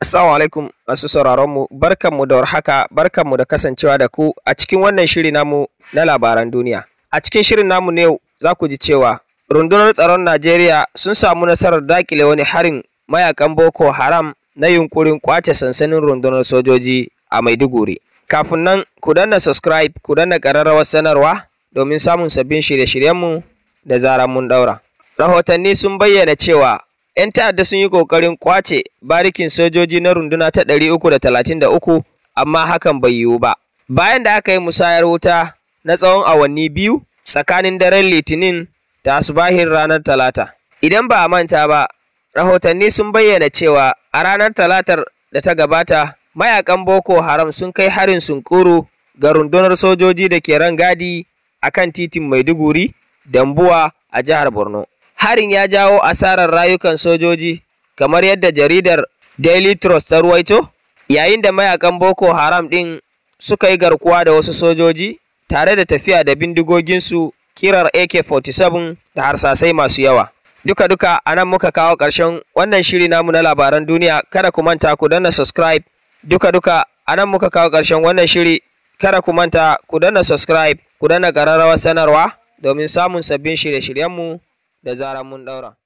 Assalamu alaikum masu sauraron mu barkanmu da warhaka mu da kasancewa da ku a cikin wannan shiri namu na labaran duniya. A cikin shirin namu ne za ku ji cewa rundunar tsaron Najeriya sun samu nasarar dakile wani harin mayakan Boko Haram na yunkurin kwace sansanin rundunar sojoji a Maiduguri. Kafin nan ku danna subscribe ku danna ƙararrawar sanarwa domin samun sabbin shirye-shiryenmu da zarar mun ɗaura. Rahotanni sun bayyana cewa 'Yan ta'adda sun yi ƙoƙarin kwace barikin sojoji na runduna ta ɗari da talatin uku, amma hakan bai yiwu ba. Bayan da aka yi musayar wuta na tsawon awanni biyu tsakanin daren Litinin da asubahin ranar Talata. Idan ba a manta ba, rahotanni sun bayyana cewa a ranar Talatar da ta gabata, mayakan Boko Haram sun kai harin sunkuru ga rundunar sojoji da ke rangadi a kan titin Maiduguri, Dambuwa a jihar Borno. Harin ya jawo asarar rayukan sojoji kamar yadda jaridar Daily Trust ta ruwaito, yayin da mayakan Boko Haram ɗin suka yi garkuwa da wasu sojoji tare da tafiya da bindigoginsu kirar AK-47 da harsasai masu yawa. Duka-duka a nan muka kawo ƙarshen wannan shiri namu na labaran duniya kada ku manta ku danna subscribe. Duka-duka a nan muka kawo ƙarshen wannan shiri kada ku manta ku danna subscribe ku danna ƙararrawar sanarwa domin samun sabbin shirye-shiryenmu. da zarar mun ɗaura.